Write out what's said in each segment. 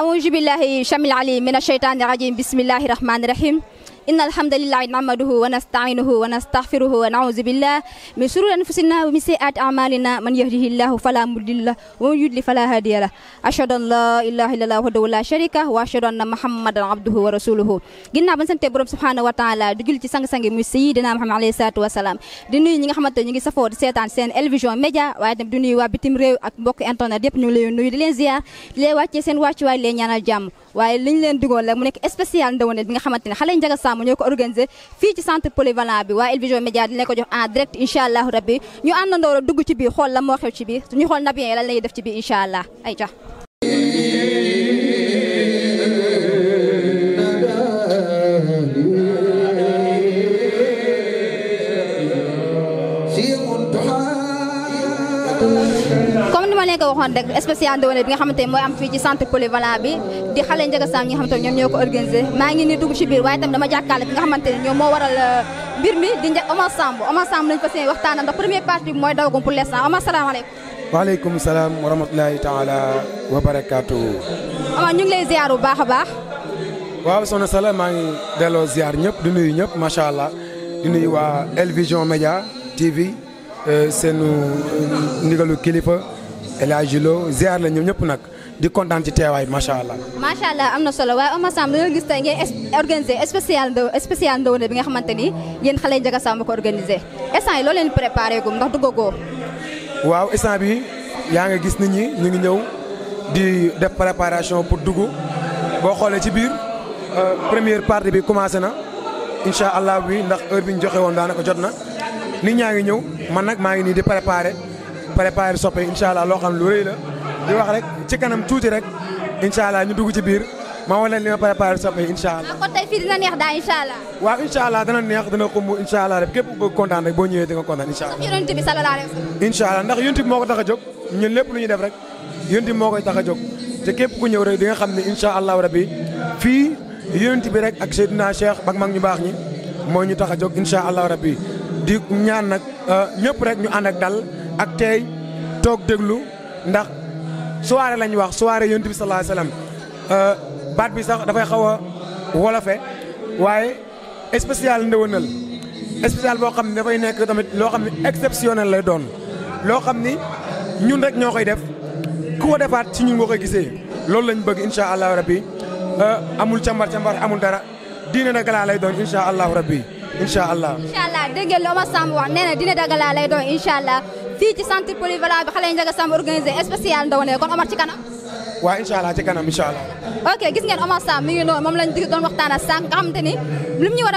أعوذ بالله شمل علي من الشيطان الرجيم بسم الله الرحمن الرحيم إن الحمد لله نعمده ونستعينه ونستغفره ونعوذ بالله من شرور أنفسنا ومن سيئات أعمالنا من يهده الله فلا مضل له ومن يضلل فلا هادي له أشهد أن لا إله إلا الله وحده لا شريك له وأشهد أن محمدا عبده ورسوله ginnaaw ba sante borom subhanahu wa taala di julli ci sang-sang mu sayyidina Muhammad alayhi salatu wasalaam di nuyu ñi nga xamante ñu ngi safoo di seetaan seen Elvision Média waaye tam di nuyu waa bitim réew ak mbokk internet yëpp ñu ngi leen nuyu di leen ziar di leen wàccee seen wàccuwaay di leen ñaanal jàmm waaye liñ leen digoon la mu nekk spécial ndawane bi nga xamante ne xale njaga sàmm ñoo ko organisé fii ci centre polyvalent bi waa El Vision Média dina jox en direct incha allah rabbi ñu àndandoo dugg ci bii xool la moo xew ci bii ñu xool nabiyen lan lañuy def ci biir incha allah ay waxoon rek spécial ndonné bi nga xamante ne mooy am fii ci centre polyvalent bi di xale Ndiaga Sam ñi nga xamante ne ñoom ñoo ko organisé maa ngi ni dugg ci biir waaye itam dama jàkkaarle ki nga xamante ne ñoom moo waral euh, mbir mooy dawagum pour l'instant Omar salaamaaleykum waaleykum salaam wa rahmatulahi taala wa barakaatu. a baax. waaw soxna Sala maa ngi delloo ziar ñëpp di nuyu ñëpp macha allah di nuyu waa El Vision Média TV euh, seenu euh, ndigalu kilifa. El Hadj Lo ziar la ñoom ñëpp nag di kontaan ci teewaay macha allah. macha allah am na solo waaye Omar Samb dañoo gis tey ngeen organisé spécial ndaw spécial ndaw bi nga xamante ni yéen xale yi Ndiaga Samb ko organisé instant yi loo leen préparé gum ndax duggagoo. waaw instant bi yaa ngi gis nit ñi ñu ngi ñëw di def préparation pour dugg boo xoolee ci biir euh, première partie bi commencé na incha allah bi ndax heure bi ñu joxe woon daanaka jot na nit ñaa ngi ñëw man nag maa ngi nii di préparé soppe incha allah loo xam lu rëy la di wax rek ci kanam tuuti rek incha ñu dugg ci biir ma wane leen li ma préparé soppe incha allah. kon tey waaw incha allah dana neex dana xumb incha allah rek képp ku kontaan rek boo ñëwee di nga kontaan incha ndax yonent bi sallallahu alayhi wa sallam. incha moo ko tax a jóg ñun lépp lu ñuy def rek yonent bi moo koy tax a jóg te képp ku ñëw rek di nga xam ne incha allah rabbi fii yonent bi rek ak Seydina Cheikh bak mag ñu baax ñi moo ñu tax a jóg incha allah rabbi di ñaan nag euh, ñëpp rek ak tey toog déglu ndax soirée lañ wax soirée yonent bi sallallahu alayhi wasallam euh, baat bi sax dafay xaw a wolofe waaye spécial ndëwënal spécial boo xam ne dafay nekk tamit loo xam ne exceptionnel lay doon loo xam ni ñun rek ñoo koy def ku ko defaat si ñun nga koy gisee loolu lañ bëgg incha allah rabbi euh, amul càmbar càmbar amul dara diine dagalaa lay doon incha allahu rabbi incha allah. incha allah dégg ngeen wax nee na diine doon incha allah. fii centre polyvalent bi xalé yi Ndiaga Samb organisé spécial ndaw ne kon Omar ci kanam. wa inshallah ci kanam inshallah ok gis ngeen Omar Samb mi ngi non mom lañ doon waxtana ak sànq nga xamante ni lu ñu war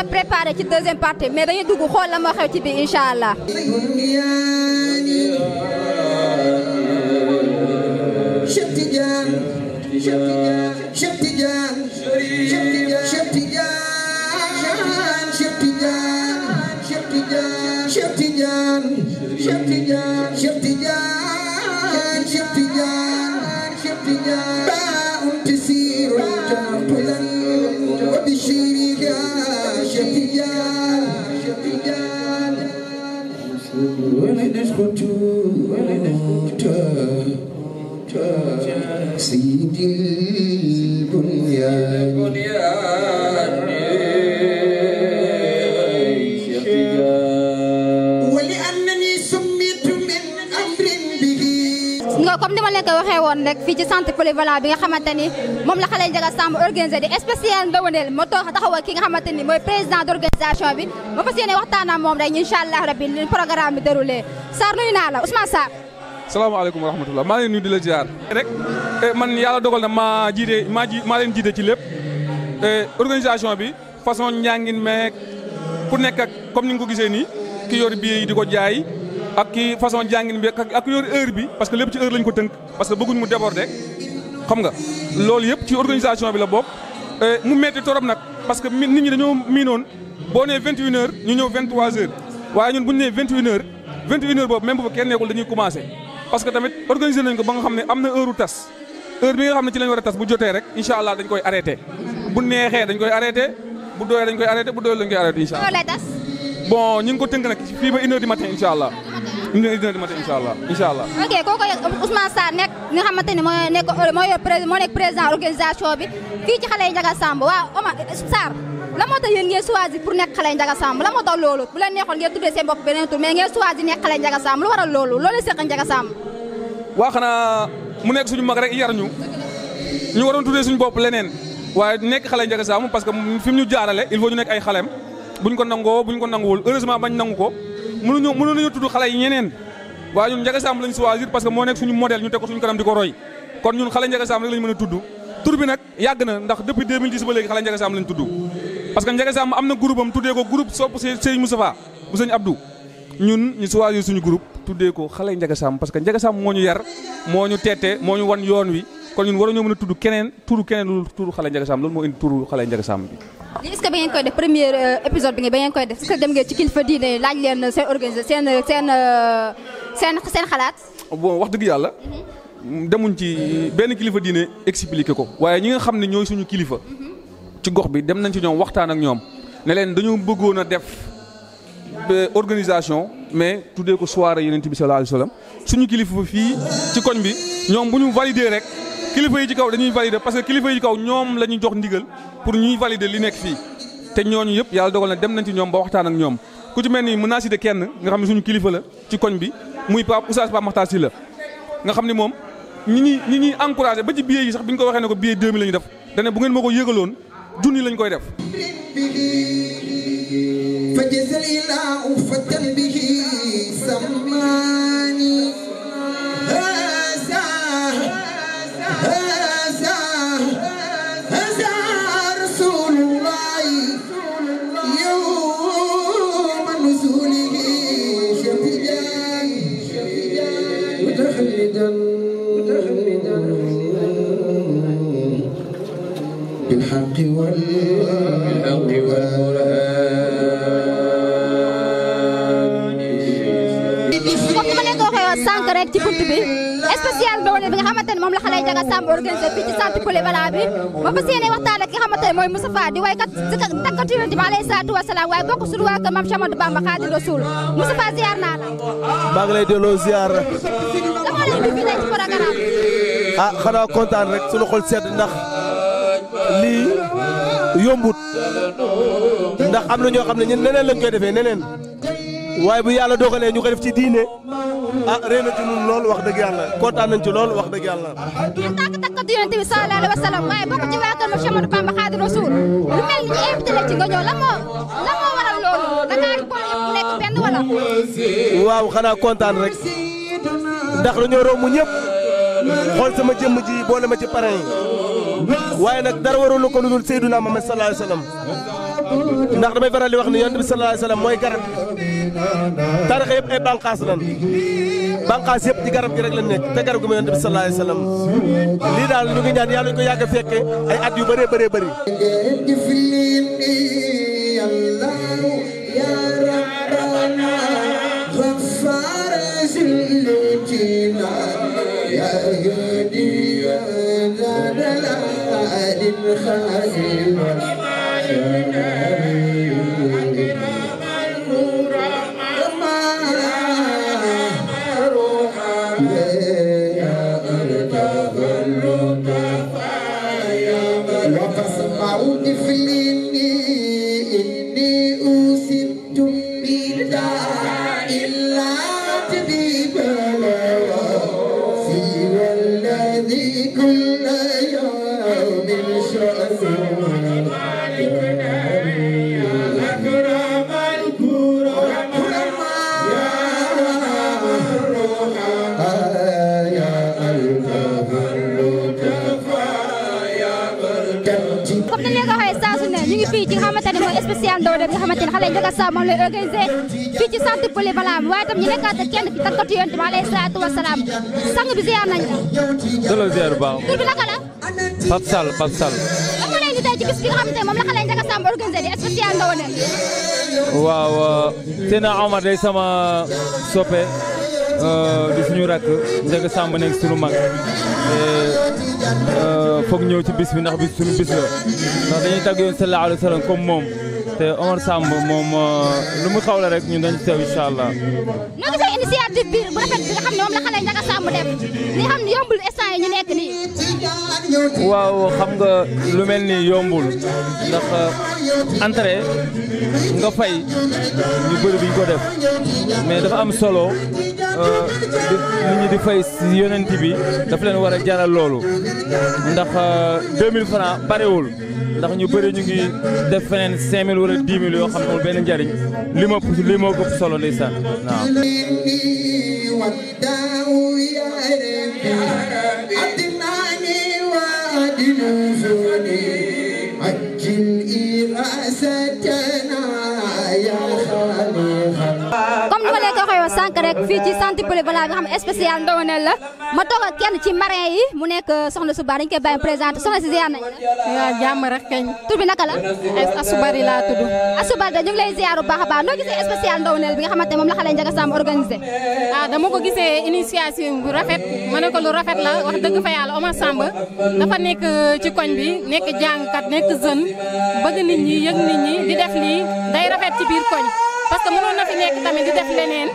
a ci deuxième partie mais dañuy dugg xol la moo xew ci biir incha allah. Cheikh Tidiane Cheikh Tidiane Cheikh Tidiane ko tuuta fii ci centre polyvalent bi nga xamante ni moom la xale Ndiaga Samb organisé di spécial ndowaneel ma toog taxaw ak ki nga xamante ni mooy président d' organisation bi ma fas yéene waxtaan ak moom rek incha allah rabi li programme bi déroulé Sarr nuyu naa la Ousmane Sarr. salaamaaleykum wa rahmatulah maa ngi nuyu di la ziar. rek eh, man yàlla dogal na maa jiite maa ji maa leen jiite ci lépp eh, organisation bi fason njàngin meek ku nekk ak comme ni nga ko gisee nii ki yor di ko jaay. ak ki façon jàngin bi ak yor heure bi parce que lépp ci heure lañ ko tënk parce que bëgguñ mu déborder xam nga loolu yëpp ci organisation bi la bokk eh, mu metti torop nag parce que nit ñi dañoo miinoon boo nee 21 heures ñu ñëw 23 heures waaye ñun bu ñu nee 21 heures 21 heures boobu même bu fa kenn nekkul dañuy commencé parce que tamit organisé nañ ko ba nga xam ne am na heure u tas heure bi nga xam ne ci lañ war a tas bu jotee rek incha allah dañ koy arrêté bu neexee dañ koy arrêté bu doyee dañ koy arrêté bu bon ñu ngi ko tënk nag fii ba une heure du dina dina mate incha allah incha allah ok kooku Ousmane Sarr nek nga xamante ni moo nekk moo yor moo nekk président organisation bi fii ci xale yi Ndiaga Samb waaw Omar Sarr la moo tax yéen ngeen choisir pour nekk xale yi Ndiaga Samb la moo tax loolu bu leen neexoon ngeen tuddee seen bopp beneen tur mais ngeen choisir nekk xale yi Ndiaga lu waral loolu loolu seq Ndiaga Samb waa xanaa mu nekk suñu mag rek yar ñu ñu waroon tuddee suñu bopp leneen waaye nekk xale yi Ndiaga Samb parce que fi mu ñu jaarale il faut ñu nekk ay xaleem buñ ko nangoo buñ ko nanguwul heureusement bañ nangu ko mënuñu mënu nañu tudd xale yi ñeneen waaye ñun Ndiaga Samb lañ choisir parce que moo nekk suñu modèle ñu teg ko suñu kanam di ko roy kon ñun xale Ndiaga Samb rek lañ mën a tudd tur bi nag yàgg na ndax depuis 2010 ba léegi xale Ndiaga Samb lañ tudd parce que Ndiaga Samb am na groupe am tuddee ko groupe sopp Serigne Moustapha bu Serigne Abdou ñun ñu choisir suñu groupe ko parce que yar wan yoon wi kon ñun keneen turu keneen lu turu xale Ndiaga Samb indi turu xale Ndiaga Samb bi est-ce que ba ngeen koy def premier euh, épisode bi ngeen ba ngeen koy def est-ce que dem ngeen ci kilifa diine laaj leen seen organisé seen seen euh, seen seen xalaat. bon wax deug yalla demuñ ci ben kilifa diine expliquer ko. waaye ñi nga xam ñoy suñu kilifa. ci gox bi dem nañ ci ñom waxtaan ak ñom ne leen dañoo bëggoon def organisation mais tuddee ko soirée Yonent bi sallallahu alayhi wasallam suñu kilifa fi ci koñ bi ñom buñu valider rek kilifa yi ci kaw dañuy valider parce que kilifa yi ci kaw ñom lañu jox ndigal. pour ñuy valider li nekk fii te ñooñu yëpp yàlla dogal na dem nañ ci ñoom ba waxtaan ak ñoom ku ci mel ni mën naa kenn nga xam ne suñu kilifa la ci koñ bi muy Pape Oustaz Pape Makhtar Sylla nga xam ne moom ñi ñuy ñi ñuy encouragé ba ci billet yi sax bi ñu ko waxee ne ko billet 2000 la ñu def dane bu ngeen ma ko yëgaloon junni lañ koy def فجزل إله فتن به sànq rek ci bunt bi spécial doole bi nga xamante moom la xale yi Ndiaga Samb organisé fii ci centre Poulébala bi ma fas yéene waxtaan ak ki nga xamante ne mooy di waykat si takkat yonent bi alayhi salaatu wasalaam waaye bokk suñu waa kër Maam Cheikh Ahmadou Bamba Xaadimu Rasuul Moustapha ziar naa la. maa ngi lay delloo ziar. dama lay indi fii tey ci programme ah xanaa kontaan rek sunu xol sedd ndax lii. yombut ndax am na ñoo xam ne ñun neneen lañ koy defee neneen waaye bu yàlla dogalee ñu ko def ci diine ah réew ci ñun lool wax dëgg yàlla kontaan nañ ci lool wax dëgg yàlla. ñun tàkk tàkk du yonent bi sallallahu ci waa kër Cheikh Ahmadou Bamba ci nga ñëw lan moo lan xanaa kontaan rek ndax dañoo romb ñëpp. xool sama jëmm ji boole ma ci parrain waaye nag dara warulu ko lu dul Seydina Muhammad sallallahu alayhi wa sallam ndax damay faral di wax ni yonent bi wa sallam mooy garab tarixa yëpp ay bànqaas lan bànqaas yëpp ci garab gi rek lañ nekk te garab gi mooy yonent bi wa sallam lii daal ñu ngi ko yàgg a fekke ay at yu bëree bëree bëri هدي ذا دلال خائما يا instant moom lay organisé fii ci centre polyvalent waaye tam ñu nekkaat ak kenn ci tàggatu salaatu wa sang bi ziar nañ la. delloo baax. tur bi naka la. Pape Sall Pape moom la xale Ndiaga Samb organisé di spécial ndaw ne. waaw euh, Seydina Omar day sama soppe euh, di suñu rakk Ndiaga Samb nekk suñu mag. Euh, foog ñëw ci bis bi ndax bis suñu bis la ndax dañuy tàgg yoon sallallahu alayhi wa sallam moom. te Omar Samb moom lu mu xawla rek ñun dañ teew incha allah. collectif bi bu rafet bi nga xam ne moom la xale Ndiaga Samb def li xam ne yombul instant ñu nekk nii. waaw xam nga lu mel ni yombul ndax euh, entrée nga fay ñu bëri bi ñu ko def mais dafa am solo euh, nit ñi di fay yonent bi dafa leen war a jaral loolu ndax 2000 euh, francs barewul ndax ñu bëri ñu ngi def feneen 5000 wala 10 000 yoo xam ne benn njariñ li ma li ma ëpp solo ndeysaan waaw. what down we are in rek fi ci santé Poulé Balla nga xam spécial ndawone la ma toog ak kenn ci marin yi mu nek soxna su bari ngi bàyyi présenté soxna ci ziar nañ la rek kañ tur bi naka la asubari la tuddu asubari bari ñu ngi lay ziaru baxa ba no baax gisee spécial ndawone bi nga xamante mom la xalé ñaga sam organiser ah dama ko gisee initiation bu rafet ma ko lu rafet la wax dëgg fa yalla oma samba dafa nek ci koñ bi nekk jàngkat nek jeune bëgg nit ñi yëg nit ñi di def li day rafet ci bir koñ parce que mënon na fi nek tamit di def leneen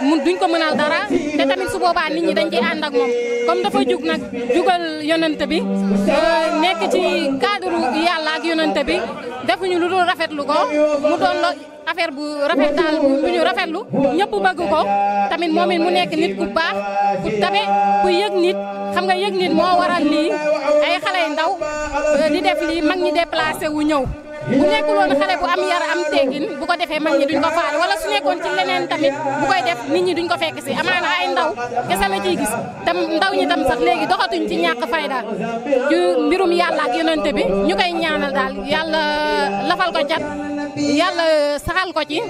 mun duñ ko mënal dara te tamit su boobaa nit ñi dañ ciy ànd ak moom comme dafa jug nag jugal yonent bi euh, nekk ci cadre yàlla bi defuñu lu dul rafetlu ko mu doon la affaire bu rafet daal bu ñu rafetlu ñëpp bëgg ko tamit moom mu nekk nit ku baax ku tabe ku yëg xam nga yëg moo waral lii ay xale yu ndaw euh, di def lii mag ñi déplacé wu ñëw. bu nekkul woon xale bu am yar am teggin bu ko defee mag ñi duñ ko faale wala su ci leneen tamit bu koy def nit ñi duñ ko fekk si amaana ay ndaw kese la ciy gis tam ndaw ñi tam sax léegi doxatuñ ci ñàkk fay daal ju mbirum yàlla ak yonente bi ñu koy ñaanal daal yàlla lafal ko cat yàlla saxal ko ci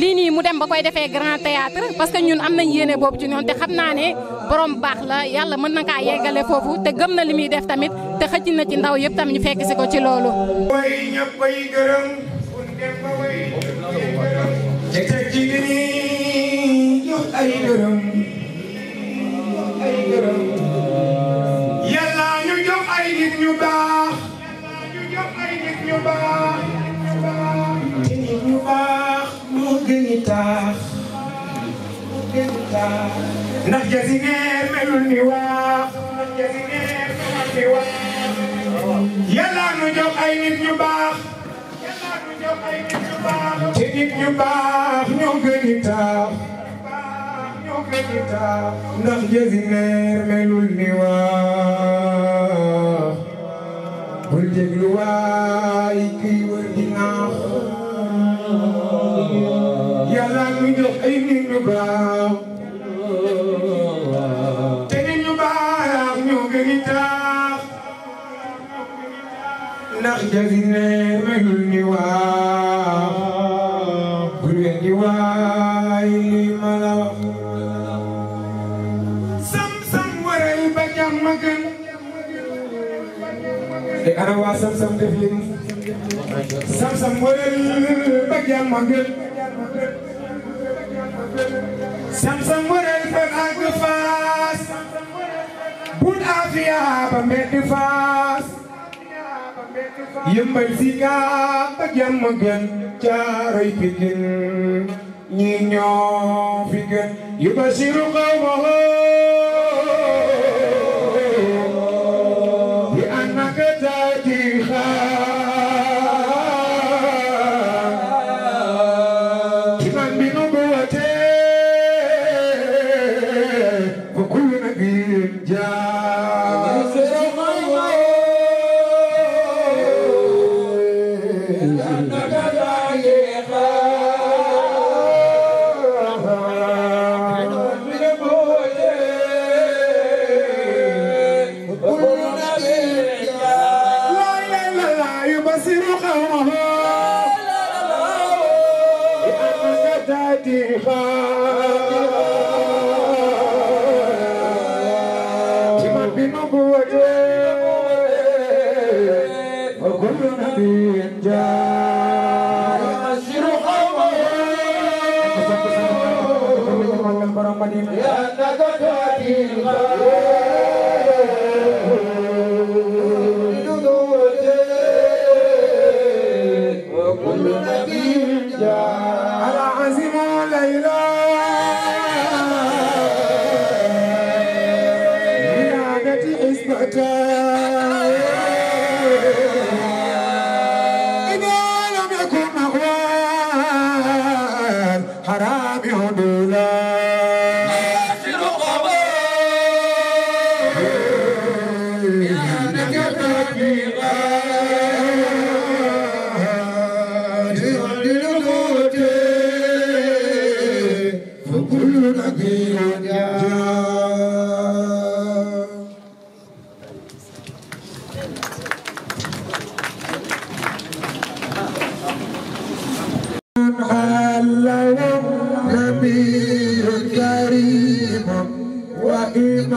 lii nii mu dem ba koy defee grand théâtre parce que ñun am nañ yéene boobu ci ñoom te xam naa ne borom baax la yàlla mën na kaa yeggale foofu te gëm na li muy def tamit te xëcc na ci ndaw yëpp tamit ñu fekk ko ci loolu. way ñëpp ay gërëm yàlla ñu jox ay nit ñu baax te nit ñu baax moo gën a taax moo gën a taax ndax jasine melul ni waax ndax jasine melul ni waax yàlla nu jox ay nit ñu baax yàlla nu jox ay nit ñu baax te nit ñu baax ñoo gën a taax ndax jasineer melul ni waa bul déglu waay kiy wër naax yàlla ñu jox ay nit ñu baax te nit ñu baax ñoo gën a taax ndax jasine mayul ni waax bul leen di waay ma la sam-sam waral ba jàmm gën te ana waa sam-sam def leen Samsam model bagyan magel Samsam model ben ag fas Bun afia ba med fas Yembal sika bagyan magel Caroy pikin Ñi ñoo fi gën yubasiru qawmahu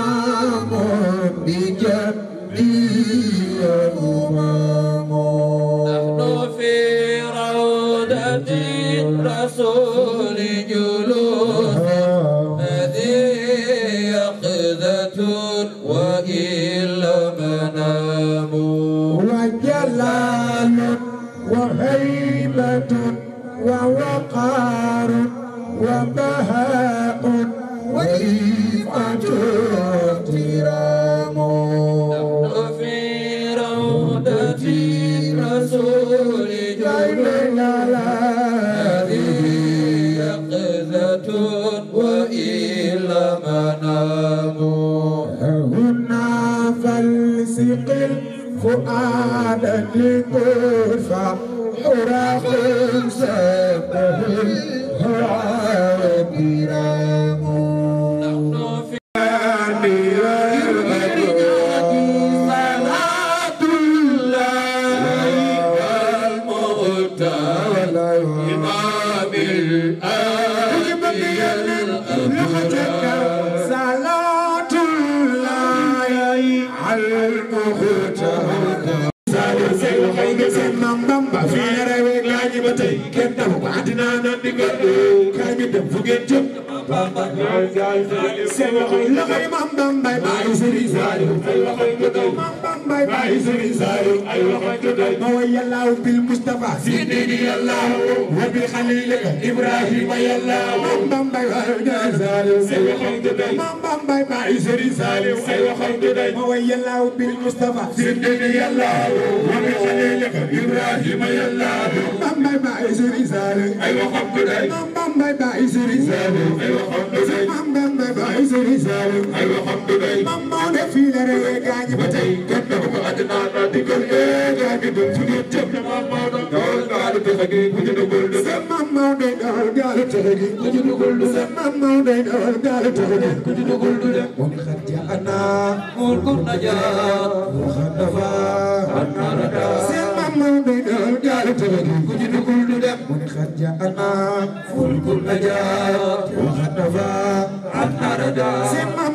Namo Bija وإلا منام هنا فلسق الفؤاد لترفع حراق سبه ba tey kenn dafa ko àddina naan di ngeen dee kaay ngeen dem fu ngeen jëm seen loxo yi loxo yi maam Bamba bàyyi sëriñ Saliou ay loxo yi nga daw باي باي سري سالم اي وقت جدي هو يلا بالمصطفى سيدي الله وبالخليل ابراهيم يلا مام باي باي سالم اي وقت جدي مام باي باي سري سالم اي وقت جدي هو يلا بالمصطفى سيدي الله وبالخليل ابراهيم يلا مام باي باي سري سالم اي وقت جدي مام باي باي سري سالم اي وقت جدي مام باي باي سري سالم اي وقت جدي مام باي في لري غاني بتاي dama àddinaa naa digal ee gaa ngi doon fu ngeen jëm na maam Maodo daal gaalu texe gi ku ci dugal du sa maam Maodo daal gaalu texe gi ku ci dugal du sa maam Maodo daal gaalu texe gi ku ci dugal du de moom xat ja anaa mool ko najaat mool xat dafa anaa radaa seen maam Maodo daal gaalu texe gi ku ci dugal du de moom xat ja anaa mool ko najaat mool xat dafa anaa radaa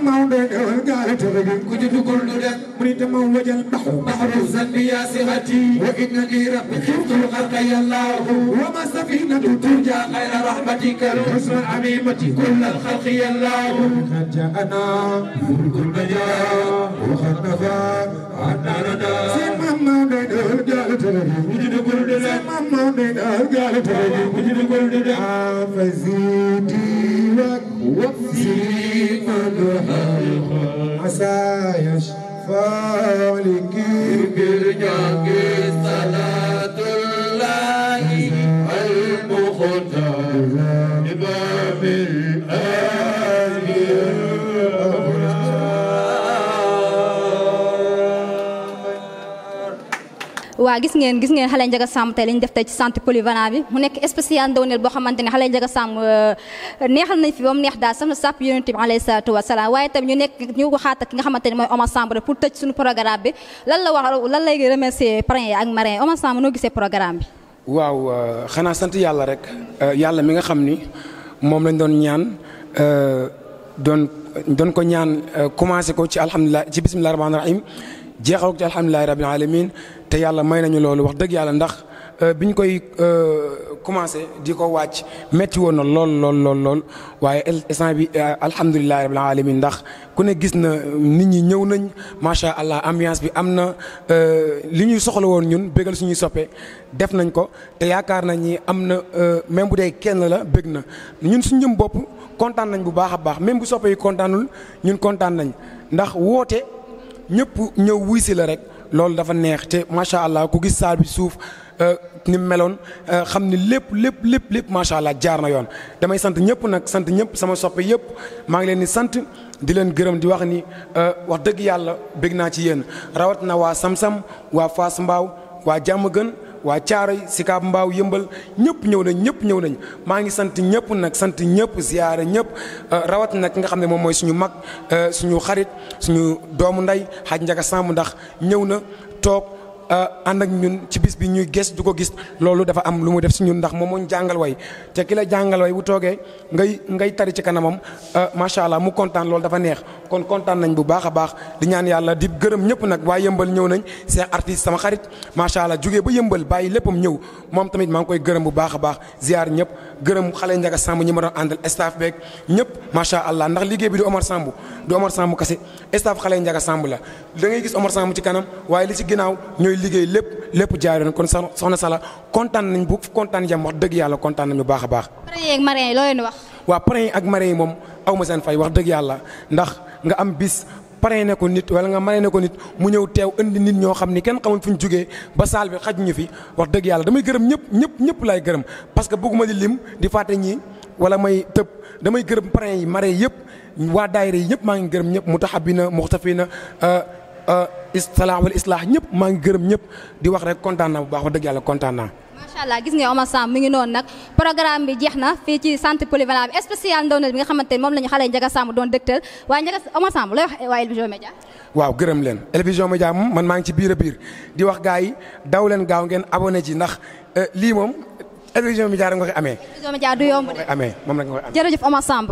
تبدي كنت تقول لك من تمام وجل بحر بحر الذنب يا صغتي وإنني ربي خفت الغرق يا الله وما سفينة ترجى غير رحمتك حسن عميمتي كل الخلق يا الله قد جاءنا ملك النجاة وقد نفى عنا ردا سمما من أرجال تبدي كنت تقول لك سمما من أرجال تبدي كنت تقول لك فزيدي وقفزي مدها saayas faali kii biir jàngi gis ngeen gis ngeen xale Njaga sam tay liñ def tay ci centre polyvalent bi mu nek spécial ndawnel bo xamanteni ne xale Njaga Samb neexal nañ fi bam neex da sam sap sàpp bi alayhi salatu wassalam waye tam ñu nek ñu waxaat ak ki nga xamanteni moy Omar sambre pour tëj suñu programme bi lan la wax lan lay remercier parrain ak marraine Omar sam no gisee programme bi waaw xana sant yàlla rek yàlla mi nga xamni mom lañ doon ñaan don don ko ñaan commencé ko ci alhamdullah ci bismillahir rahmanir rahim jeexal ko ci alhamdullah rabbil alamin te yalla may nañu wax deug yalla ndax euh, euh, commencé di ko mettez-vous woon lol lol lol waye bi euh, alamin ndax na nit ñi nañ ambiance bi amna li ñuy soxla ñun bégal suñuy def te nañ même bu dee kenn la bég na ñun suñu bop nañ bu baax même bu soppé yi ñun nañ ndax loolu dafa neex te macha allah ku gis saal bi suuf euh, ni mu meloon euh, xam ni lépp lépp lépp lépp macha allah jaar na yoon damay sant ñëpp nag sant ñëpp sama soppe yëpp maa ngi leen di sant di leen gërëm di wax ni euh, wax dëgg yàlla bég naa ci yéen rawat na waa Sam Sam waa Fass mbaaw waa Jàmm Gën waa Caaroy Sikaab Mbaaw yëmbal ñëpp ñëw nañ ñëpp ñëw nañ maa ngi sant ñëpp nag sant ñëpp ziyaara ñëpp euh, rawat nag ki nga xam ne moom mooy suñu mag euh, suñu xarit suñu doomu ndey xaaj njaga sàmm ndax ñëw na toog Euh, ànd ak ñun ci bis bi ñuy gis du ko gis loolu dafa am lu mu def si ñun ndax moom moo ñu jàngal way te ki la jàngal way bu toogee ngay ngay tari ci kanamam euh, macha allah mu kontaan lool dafa neex kon kontaan nañ bu baax a baax di ñaan yàlla di gërëm ñëpp nag waaye yëmbal ñëw nañ seen artiste sama xarit macha allah jóge ba yëmbal bàyyi léppam ñëw moom tamit maa ngi koy gërëm bu baax a baax ziar ñëpp gërëm xale njaga sàmb ñi ma doon àndal staff beeg ñëpp macha allah ndax liggéey bi du Omar Samb du Omar Samb kase staff xale njaga sàmb la da liggéey lépp lépp jaay doon kon soxna Sala kontaan nañ bu kontaan jam wax dëgg yàlla kontaan nañu bu baax a baax. parrain yi ak marraine yi loo leen wax. waaw moom aw seen fay wax dëgg yàlla ndax nga am bis parrain ne ko nit wala nga marraine ne ko nit mu ñëw teew indi nit ñoo xam ni kenn xamul fu ñu jugee ba saal bi xaj fi wax dëgg yàlla damay gërëm ñëpp ñëpp ñëpp laay gërëm parce que bëgguma di lim di fàtte wala may tëb damay gërëm parrain yi marraine yëpp waa daayira yi ñëpp maa ngi gërëm ñëpp mu tax abina muxtafina euh, Euh, istalaa wala islaax ñëpp maa ngi gërëm ñëpp di wax rek kontaan naa bu baax wax dëgg yàlla kontaan naa. macha allah gis nga a Samb mi ngi noonu nag programme bi jeex na fii ci centre polyvalent bi spécial ndaw na bi nga xamante ni moom la ñu xale yi Ndiaga Samb doon dëktal waaye Ndiaga a Samb lay wax waa El Vision Médias waaw gërëm moom man maa ngi ci biir biir di wax gaa yi daw leen gaaw ngeen abonné ci ndax euh, lii moom El Vision Médias rek nga koy amee. El Vision Médias du yomb de amee moom rek nga koy amee. jërëjëf